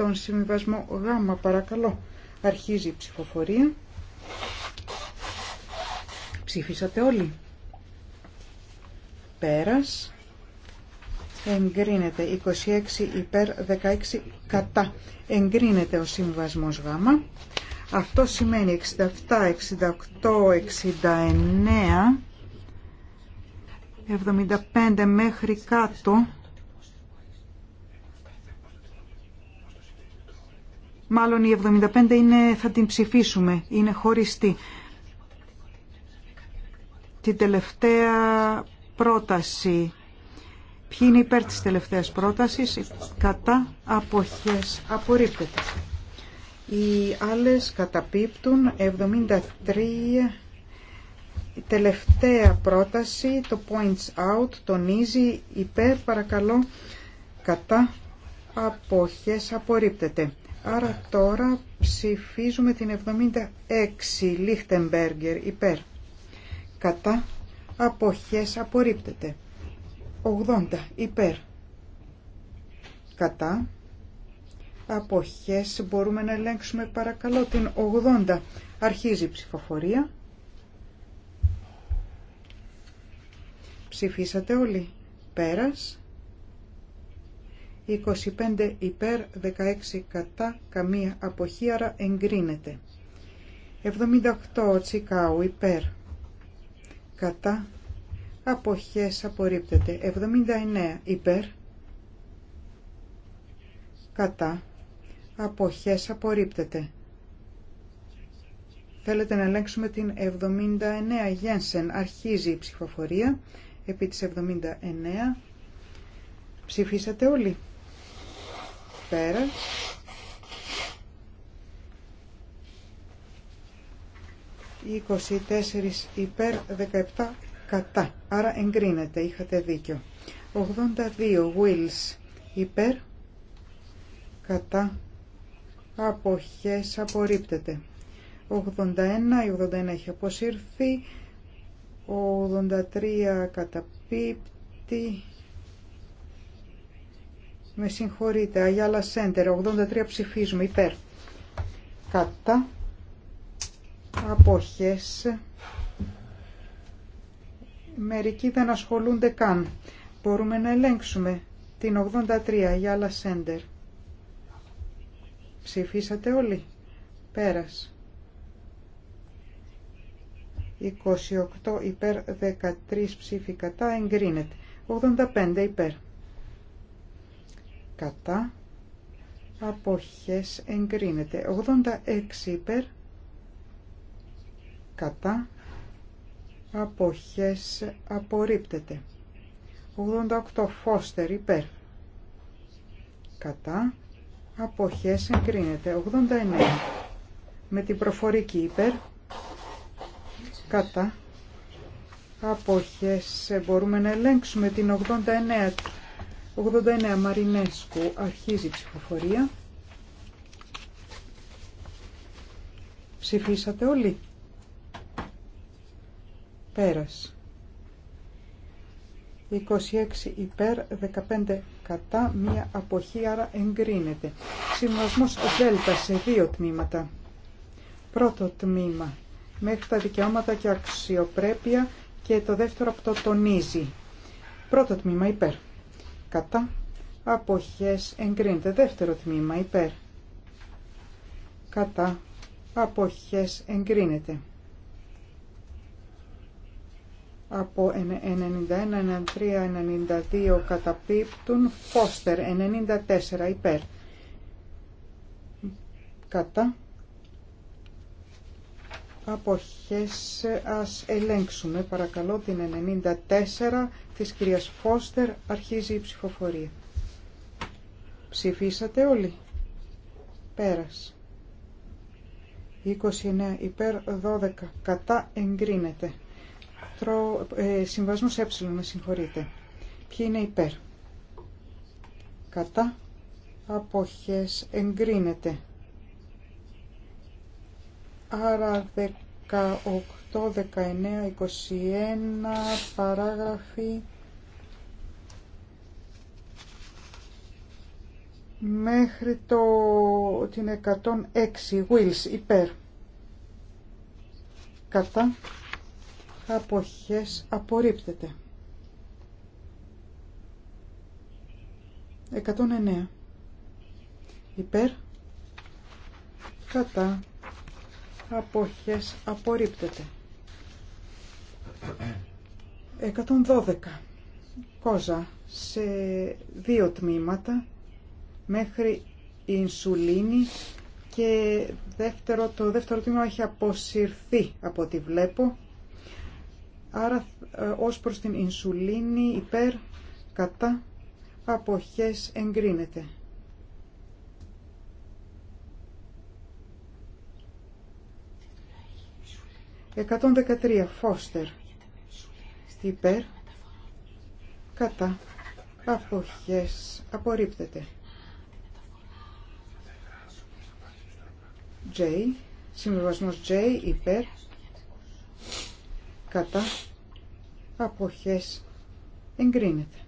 τον συμβιβασμό Γ. Παρακαλώ. Αρχίζει η ψηφοφορία. Ψήφισατε όλοι. Πέρας. Εγκρίνεται 26 υπέρ 16 κατά. Εγκρίνεται ο Συμβιβασμός Γ. Αυτό σημαίνει 67, 68, 69, 75 μέχρι κάτω Μάλλον η 75 είναι, θα την ψηφίσουμε, είναι χωριστή. Την τελευταία πρόταση. Ποιοι είναι υπέρ της τελευταίας πρότασης, κατά αποχές απορρίπτεται. Οι άλλες καταπίπτουν 73, η τελευταία πρόταση, το points out, τονίζει υπέρ, παρακαλώ, κατά αποχές απορρίπτεται. Άρα τώρα ψηφίζουμε την 76 Λίχτεμπέργκερ υπέρ. Κατά αποχές απορρίπτεται. 80 υπέρ. Κατά αποχές μπορούμε να ελέγξουμε παρακαλώ την 80. Αρχίζει η ψηφοφορία. Ψηφίσατε όλοι. Πέρας. 25 υπέρ, 16 κατά, καμία αποχή, άρα εγκρίνεται. 78 τσικάου υπέρ, κατά, αποχές απορρίπτεται. 79 υπέρ, κατά, αποχές απορρίπτεται. Θέλετε να ελέγξουμε την 79 Γένσεν. Αρχίζει η ψηφοφορία επί της 79. Ψηφίσατε όλοι. 24 υπέρ 17 κατά. Άρα εγκρίνεται, είχατε δίκιο. 82 Wills υπέρ κατά αποχές απορρίπτεται. 81, η 81 έχει αποσύρθει, 83 καταπίπτει, με συγχωρείτε, Αγιάλα Σέντερ, 83 ψηφίζουμε υπέρ. Κατά. Αποχές. Μερικοί δεν ασχολούνται καν. Μπορούμε να ελέγξουμε την 83 Αγιάλα Σέντερ. Ψηφίσατε όλοι. Πέρας. 28 υπέρ 13 ψήφι κατά εγκρίνεται. 85 υπέρ κατά αποχές εγκρίνεται 86 υπέρ κατά αποχές απορρίπτεται 88 φώστερ υπέρ κατά αποχές εγκρίνεται 89 με την προφορική υπέρ κατά αποχές μπορούμε να ελέγξουμε την 89 89 Μαρινέσκου αρχίζει η ψηφοφορία. Ψηφίσατε όλοι. Πέρας. 26 υπέρ, 15 κατά, μία αποχή, άρα εγκρίνεται. Συμβασμός Δέλτα σε δύο τμήματα. Πρώτο τμήμα, μέχρι τα δικαιώματα και αξιοπρέπεια και το δεύτερο από το τονίζει. Πρώτο τμήμα υπέρ κατά, αποχές εγκρίνεται. Δεύτερο τμήμα υπέρ, κατά, αποχές εγκρίνεται. Από 91, 93, 92 καταπίπτουν, Φώστερ 94 υπέρ, κατά, αποχές ας ελέγξουμε. Παρακαλώ την 94 της κυρίας Φώστερ αρχίζει η ψηφοφορία. Ψηφίσατε όλοι. Πέρας. 29 υπέρ 12 κατά εγκρίνεται. Τρο, ε, συμβασμός ε, με συγχωρείτε. Ποιοι είναι υπέρ. Κατά αποχές εγκρίνεται. Άρα 18, 19, 21, παράγραφοι μέχρι το, την 106, Wills, υπέρ. Κατά αποχές απορρίπτεται. 109. Υπέρ. Κατά απόχες απορρίπτεται. 112. Κόζα σε δύο τμήματα μέχρι η Ινσουλίνη και δεύτερο, το δεύτερο τμήμα έχει αποσυρθεί από ό,τι βλέπω. Άρα ε, ως προς την Ινσουλίνη υπέρ κατά αποχές εγκρίνεται. 113. Φώστερ. Υπέρ. Κατά. Αποχές. Απορρίπτεται. J. Συμβιβασμός J. Υπέρ. Κατά. Αποχές. Εγκρίνεται.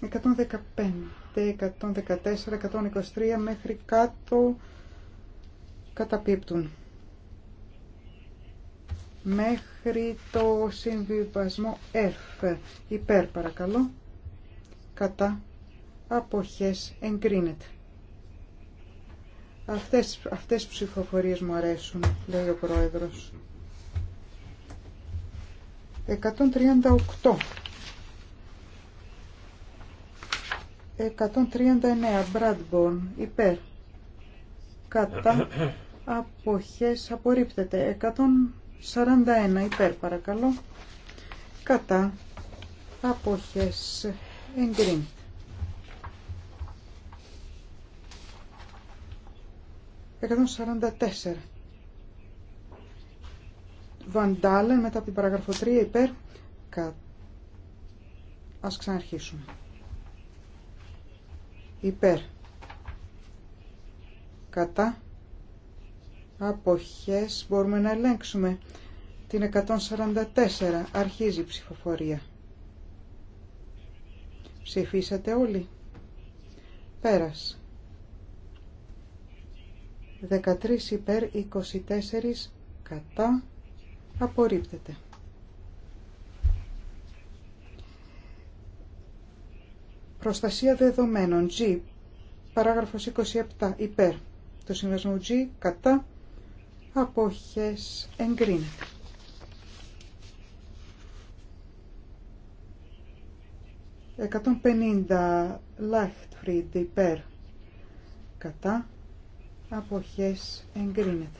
115, 114, 123 μέχρι κάτω καταπίπτουν μέχρι το συμβιβασμό F. Υπέρ παρακαλώ. Κατά αποχές εγκρίνεται. Αυτές, αυτές οι ψηφοφορίες μου αρέσουν, λέει ο Πρόεδρος. 138. 139. Μπραντμπορν. Υπέρ. Κατά. Αποχές απορρίπτεται. 41 υπέρ παρακαλώ κατά αποχές εγκρίνεται. Εκατόν σαράντα τέσσερα. Βαντάλε μετά από την παραγραφό 3 υπέρ κα... Ας ξαναρχίσουμε. Υπέρ. Κατά αποχές μπορούμε να ελέγξουμε την 144 αρχίζει η ψηφοφορία ψηφίσατε όλοι πέρας 13 υπέρ 24 κατά απορρίπτεται 'Προστασία δεδομένων G' παράγραφος 27 υπέρ Το συμβασμό G κατά αποχές εγκρίνεται. 150 πενήντα Λάχτφριντ υπέρ κατά αποχές εγκρίνεται.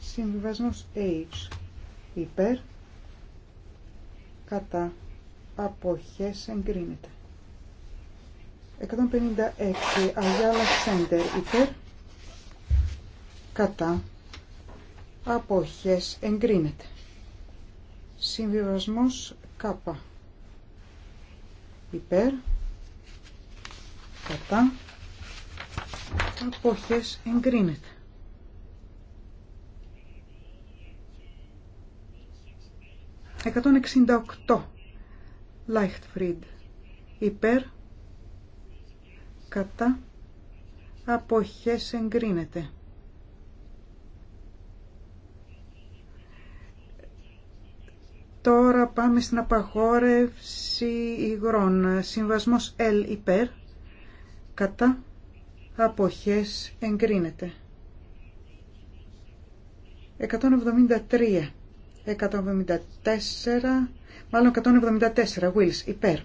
Συμβιβασμός H υπέρ κατά αποχές εγκρίνεται. 156 Αγιάλα Σέντερ υπέρ κατά αποχές εγκρίνεται συμβιβασμός κάπα υπέρ κατά αποχές εγκρίνεται 168 Λάιχτφριντ υπέρ κατά αποχές εγκρίνεται. Τώρα πάμε στην απαγόρευση υγρών. Συμβασμός L υπέρ κατά αποχές εγκρίνεται. 173, 174, μάλλον 174, Wills, υπέρ.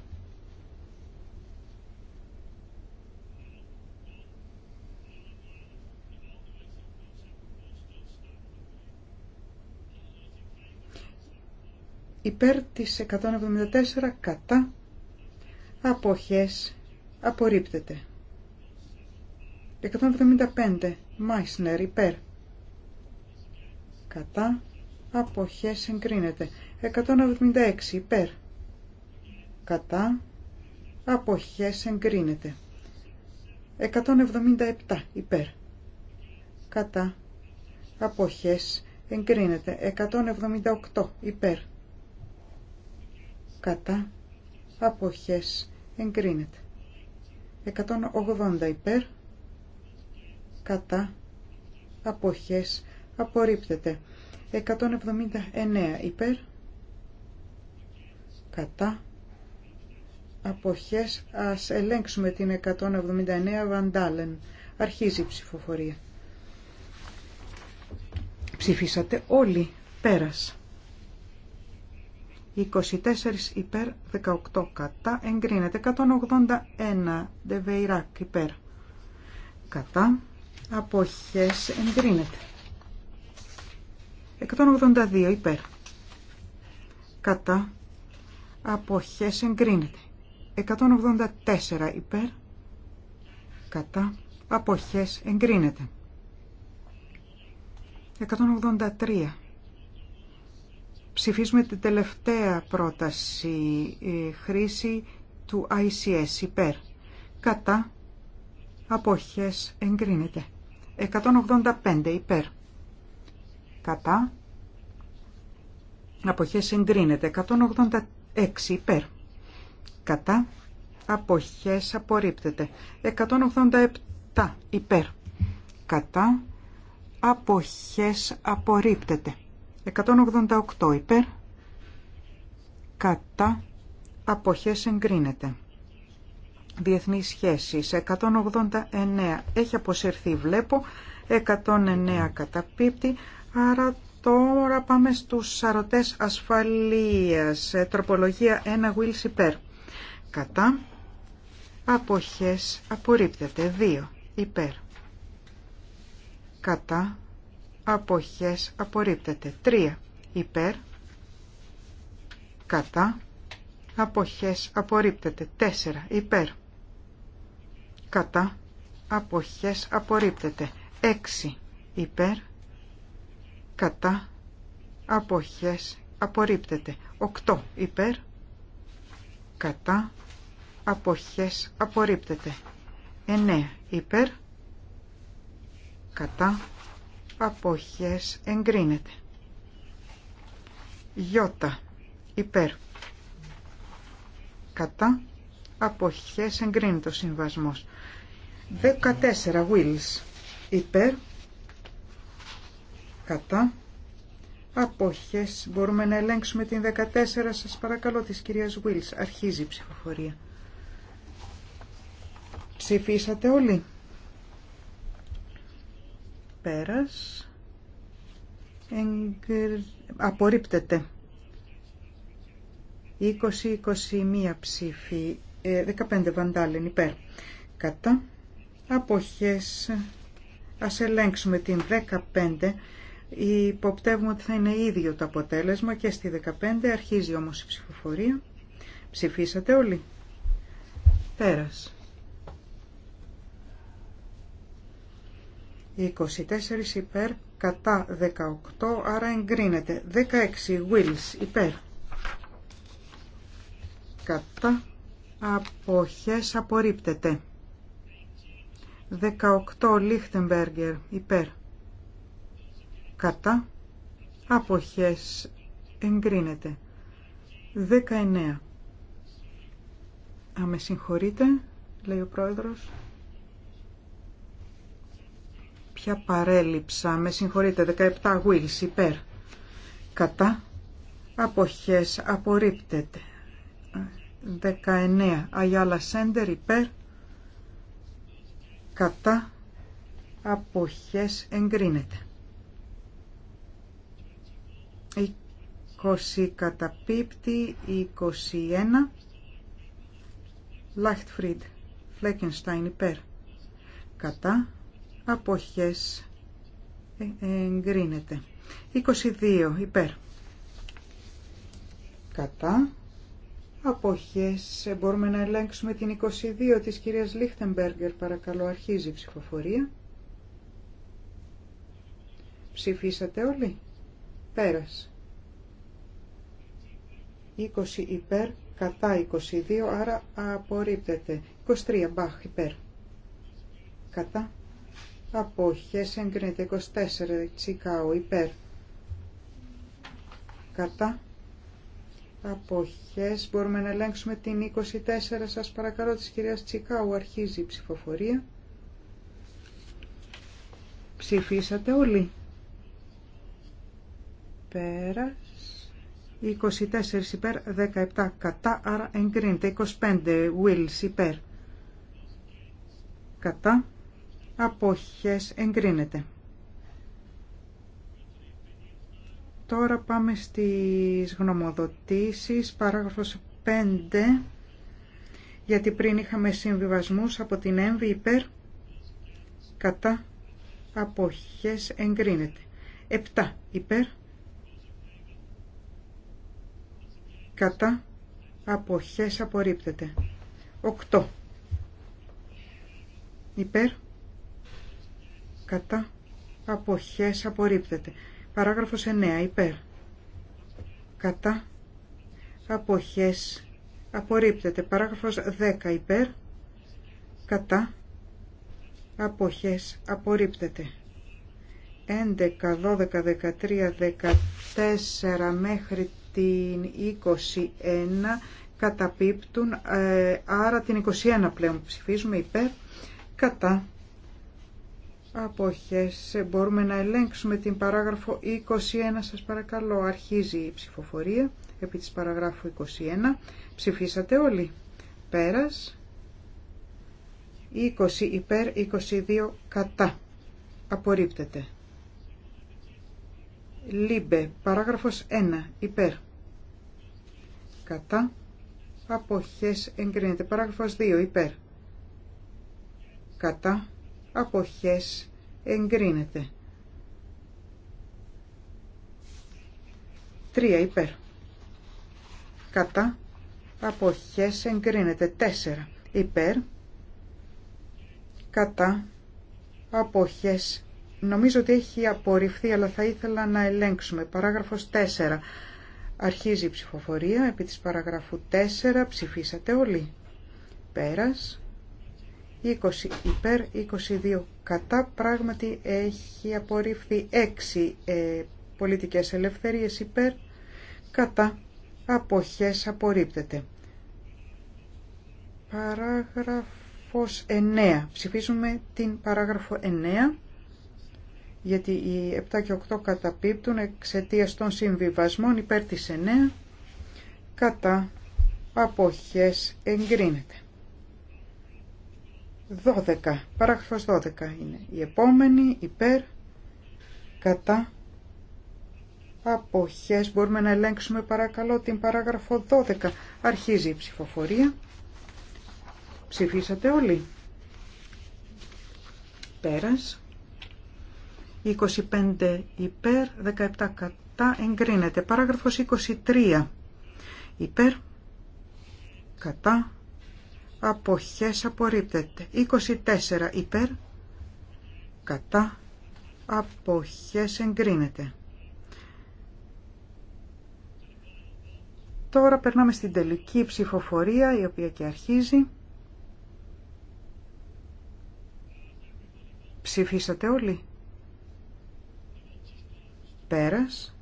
υπέρ της 174 κατά αποχές απορρίπτεται 175 Μάισνερ υπέρ κατά αποχές εγκρίνεται 176 υπέρ κατά αποχές εγκρίνεται 177 υπέρ κατά αποχές εγκρίνεται 178 υπέρ κατά αποχές εγκρίνεται 180 υπέρ κατά αποχές απορρίπτεται 179 υπέρ κατά αποχές ας ελέγξουμε την 179 βαντάλεν αρχίζει η ψηφοφορία ψηφίσατε όλοι πέρας 24 υπέρ, 18 κατά, εγκρίνεται. 181 δεβεϊράκ υπέρ, κατά, αποχές, εγκρίνεται. 182 υπέρ, κατά, αποχές, εγκρίνεται. 184 υπέρ, κατά, αποχές, εγκρίνεται. 183 Ψηφίζουμε την τελευταία πρόταση χρήση του ICS υπέρ. Κατά αποχές εγκρίνεται. 185 υπέρ. Κατά αποχές εγκρίνεται. 186 υπέρ. Κατά αποχές απορρίπτεται. 187 υπέρ. Κατά αποχές απορρίπτεται. 188 υπέρ, κατά, αποχές εγκρίνεται. Διεθνείς σχέσεις, 189 έχει αποσυρθεί βλέπω, 109 καταπίπτει, άρα τώρα πάμε στους σαρωτές ασφαλείας, ε, τροπολογία 1 Wills υπέρ, κατά, αποχές απορρίπτεται, 2 υπέρ, κατά, αποχές απορρίπτεται. 3 υπέρ, κατά, αποχές απορρίπτεται. 4 υπέρ, κατά, αποχές απορρίπτεται. 6 υπέρ, κατά, αποχές απορρίπτεται. 8 υπέρ, κατά, αποχές απορρίπτεται. 9 υπέρ, κατά, αποχές εγκρίνεται. Ι υπέρ κατά αποχές εγκρίνεται ο συμβασμός. 14 Wills υπέρ κατά αποχές. Μπορούμε να ελέγξουμε την 14 σας παρακαλώ της κυρίας Wills. Αρχίζει η ψηφοφορία. Ψηφίσατε όλοι. Πέρας. Απορρίπτεται. 20-21 ψήφι. 15 ε, βαντάλεν υπέρ. Κατά. Αποχές. Ας ελέγξουμε την 15. Υποπτεύουμε ότι θα είναι ίδιο το αποτέλεσμα και στη 15 αρχίζει όμως η ψηφοφορία. Ψηφίσατε όλοι. Πέρας. 24 υπέρ κατά 18, άρα εγκρίνεται. 16 Wills υπέρ κατά αποχές απορρίπτεται. 18 Λίχτεμπεργκερ υπέρ κατά αποχές εγκρίνεται. 19. Α, με συγχωρείτε, λέει ο πρόεδρος κάποια παρέλειψα. Με συγχωρείτε, 17 wheels υπέρ. Κατά. Αποχές απορρίπτεται. 19 Αγιάλα Σέντερ υπέρ. Κατά. Αποχές εγκρίνεται. 20 καταπίπτει, 21 Λάχτφριντ, Φλέκενστάιν υπέρ. Κατά αποχές ε, εγκρίνεται 22 υπέρ κατά αποχές ε, μπορούμε να ελέγξουμε την 22 της κυρίας Λίχτεμπεργκερ παρακαλώ αρχίζει η ψηφοφορία ψηφίσατε όλοι πέρας 20 υπέρ κατά 22 άρα απορρίπτεται 23 μπαχ υπέρ κατά απόχες εγκρίνεται 24 τσικάου υπέρ κατά απόχες μπορούμε να ελέγξουμε την 24 σας παρακαλώ της κυρίας Τσικάου αρχίζει η ψηφοφορία ψηφίσατε όλοι πέρας 24 υπέρ 17 κατά άρα εγκρίνεται 25 wills υπέρ κατά αποχές εγκρίνεται. Τώρα πάμε στις γνωμοδοτήσεις, παράγραφος 5, γιατί πριν είχαμε συμβιβασμούς από την έμβη υπέρ, κατά, αποχές εγκρίνεται. 7 υπέρ, κατά, αποχές απορρίπτεται. 8 υπέρ, κατά αποχές απορρίπτεται. Παράγραφος 9 υπέρ κατά αποχές απορρίπτεται. Παράγραφος 10 υπέρ κατά αποχές απορρίπτεται. 11, 12, 13, 14 μέχρι την 21 καταπίπτουν, ε, άρα την 21 πλέον ψηφίζουμε υπέρ, κατά, αποχές. Μπορούμε να ελέγξουμε την παράγραφο 21, σας παρακαλώ. Αρχίζει η ψηφοφορία επί της παραγράφου 21. Ψηφίσατε όλοι. Πέρας. 20 υπέρ, 22 κατά. Απορρίπτεται. Λίμπε, παράγραφος 1, υπέρ. Κατά. Αποχές εγκρίνεται. Παράγραφος 2, υπέρ. Κατά αποχές εγκρίνεται. τρία υπέρ. Κατά αποχές εγκρίνεται. τέσσερα υπέρ. Κατά αποχές. Νομίζω ότι έχει απορριφθεί αλλά θα ήθελα να ελέγξουμε. Παράγραφος 4. Αρχίζει η ψηφοφορία επί της παραγράφου 4. Ψηφίσατε όλοι. Πέρας. 20 υπέρ, 22 κατά. Πράγματι έχει απορρίφθει 6 ε, πολιτικές ελευθερίες υπέρ, κατά. Αποχές απορρίπτεται. Παράγραφος 9. Ψηφίζουμε την παράγραφο 9 γιατί οι 7 και 8 καταπίπτουν εξαιτία των συμβιβασμών υπέρ της 9 κατά αποχές εγκρίνεται. 12, παράγραφος 12 είναι. Η επόμενη υπέρ κατά αποχές. Μπορούμε να ελέγξουμε παρακαλώ την παράγραφο 12. Αρχίζει η ψηφοφορία. Ψηφίσατε όλοι. Πέρας. 25 υπέρ, 17 κατά, εγκρίνεται. Παράγραφος 23 υπέρ, κατά, αποχές απορρίπτεται. 24 υπέρ κατά αποχές εγκρίνεται. Τώρα περνάμε στην τελική ψηφοφορία η οποία και αρχίζει. Ψηφίσατε όλοι. Πέρας.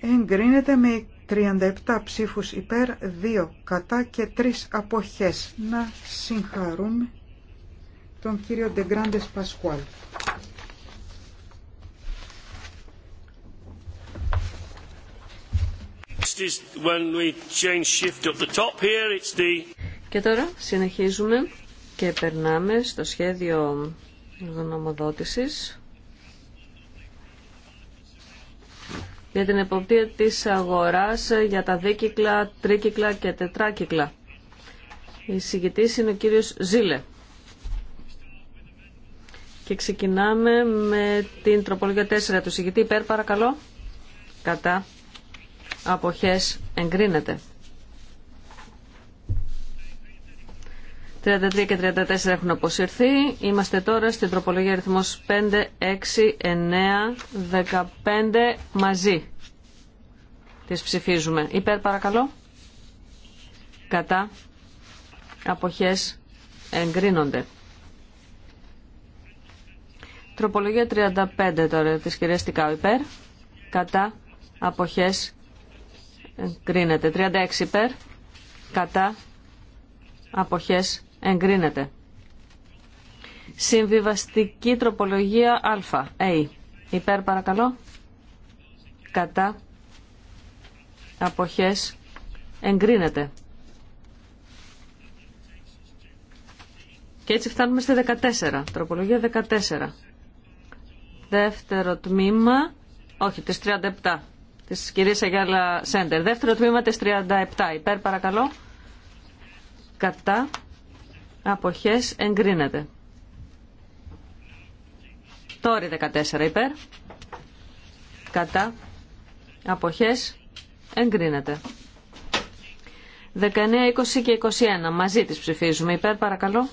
Εγκρίνεται με 37 ψήφους υπέρ, 2 κατά και 3 αποχές. Να συγχαρούμε τον κύριο Ντεγκράντες Πασκουάλ. Και τώρα συνεχίζουμε και περνάμε στο σχέδιο γνωμοδότησης για την εποπτεία της αγοράς ε, για τα δίκυκλα, τρίκυκλα και τετράκυκλα. Η συγκητής είναι ο κύριος Ζήλε. Και ξεκινάμε με την τροπολογία 4 του συγκητή. Υπέρ παρακαλώ. Κατά. Αποχές εγκρίνεται. 33 και 34 έχουν αποσυρθεί. Είμαστε τώρα στην τροπολογία αριθμός 5, 6, 9, 15 μαζί. Τις ψηφίζουμε. Υπέρ παρακαλώ. Κατά. Αποχές εγκρίνονται. Τροπολογία 35 τώρα της κυρίας Τικάου υπέρ. Κατά. Αποχές εγκρίνεται. 36 υπέρ. Κατά. Αποχές Εγκρίνεται. Συμβιβαστική τροπολογία Α. Α. Ε. Υπέρ παρακαλώ. Κατά. Αποχές. Εγκρίνεται. Και έτσι φτάνουμε στη 14. Τροπολογία 14. Δεύτερο τμήμα. Όχι, τις 37. Της κυρίας Αγιάλα Σέντερ. Δεύτερο τμήμα της 37. Υπέρ παρακαλώ. Κατά αποχές εγκρίνεται. Τώρα 14 υπέρ, κατά, αποχές εγκρίνεται. 19, 20 και 21 μαζί τις ψηφίζουμε υπέρ παρακαλώ,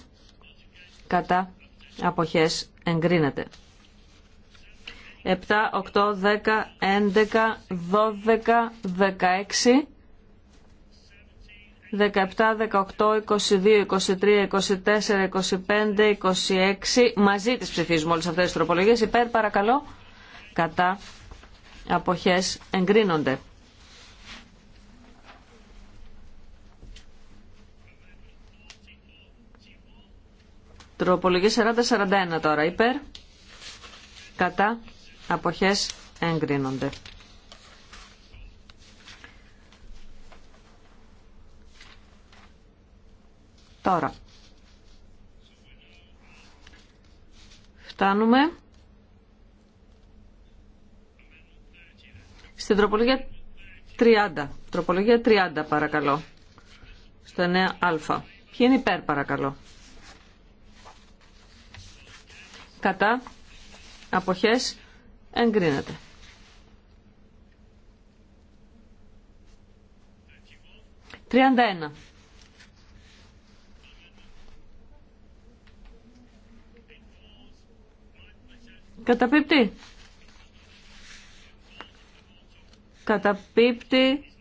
κατά, αποχές εγκρίνεται. 7, 8, 10, 11, 12, 16 17, 18, 22, 23, 24, 25, 26. Μαζί τις ψηφίζουμε όλες αυτές τις τροπολογίες. Υπέρ παρακαλώ. Κατά. Αποχές εγκρίνονται. Τροπολογία 40-41 τώρα. Υπέρ. Κατά. Αποχές εγκρίνονται. Τώρα. Φτάνουμε στην τροπολογία 30. Τροπολογία 30 παρακαλώ. Στο 9α. Ποιοι είναι υπέρ παρακαλώ. Κατά. Αποχές. Εγκρίνεται. 31. Καταπίπτει. Καταπίπτει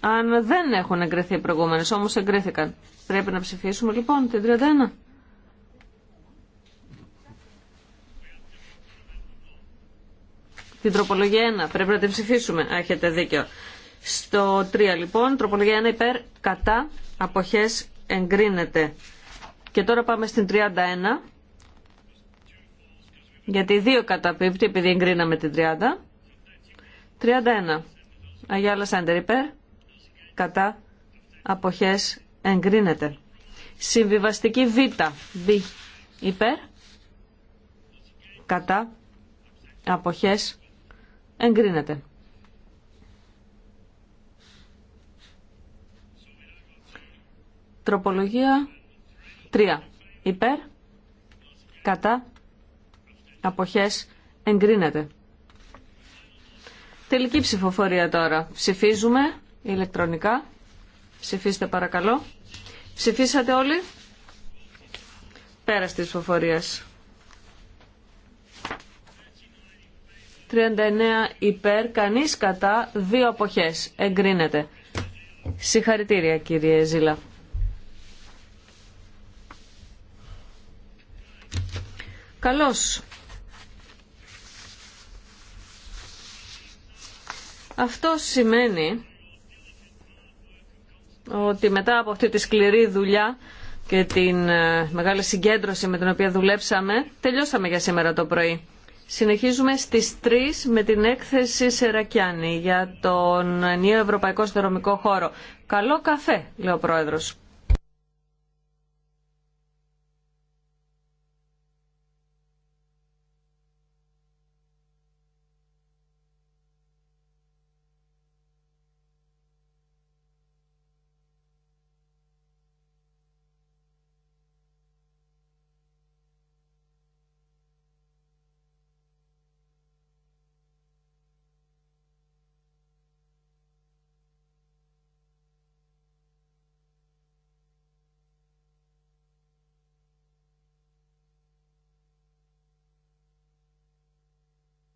αν δεν έχουν εγκριθεί οι προηγούμενες, όμως εγκρίθηκαν. Πρέπει να ψηφίσουμε λοιπόν την 31. Την τροπολογία 1 πρέπει να την ψηφίσουμε. Έχετε δίκιο. Στο 3 λοιπόν, τροπολογία 1 υπέρ, κατά, αποχές εγκρίνεται. Και τώρα πάμε στην 31 γιατί δύο καταπίπτει επειδή εγκρίναμε την 30. 31. Αγία Σέντερ υπέρ. Κατά. Αποχές εγκρίνεται. Συμβιβαστική Β. Β. Υπέρ. Κατά. Αποχές εγκρίνεται. Τροπολογία 3. Υπέρ. Κατά αποχές εγκρίνεται. Τελική ψηφοφορία τώρα. Ψηφίζουμε ηλεκτρονικά. Ψηφίστε παρακαλώ. Ψηφίσατε όλοι. Πέρα της ψηφοφορίας. 39 υπέρ, κανείς κατά, δύο αποχές. Εγκρίνεται. Συγχαρητήρια κύριε Ζήλα. Καλώς. Αυτό σημαίνει ότι μετά από αυτή τη σκληρή δουλειά και την ε, μεγάλη συγκέντρωση με την οποία δουλέψαμε, τελειώσαμε για σήμερα το πρωί. Συνεχίζουμε στις 3 με την έκθεση Σερακιάνη για τον νέο Ευρωπαϊκό Συνδρομικό Χώρο. Καλό καφέ, λέει ο Πρόεδρος.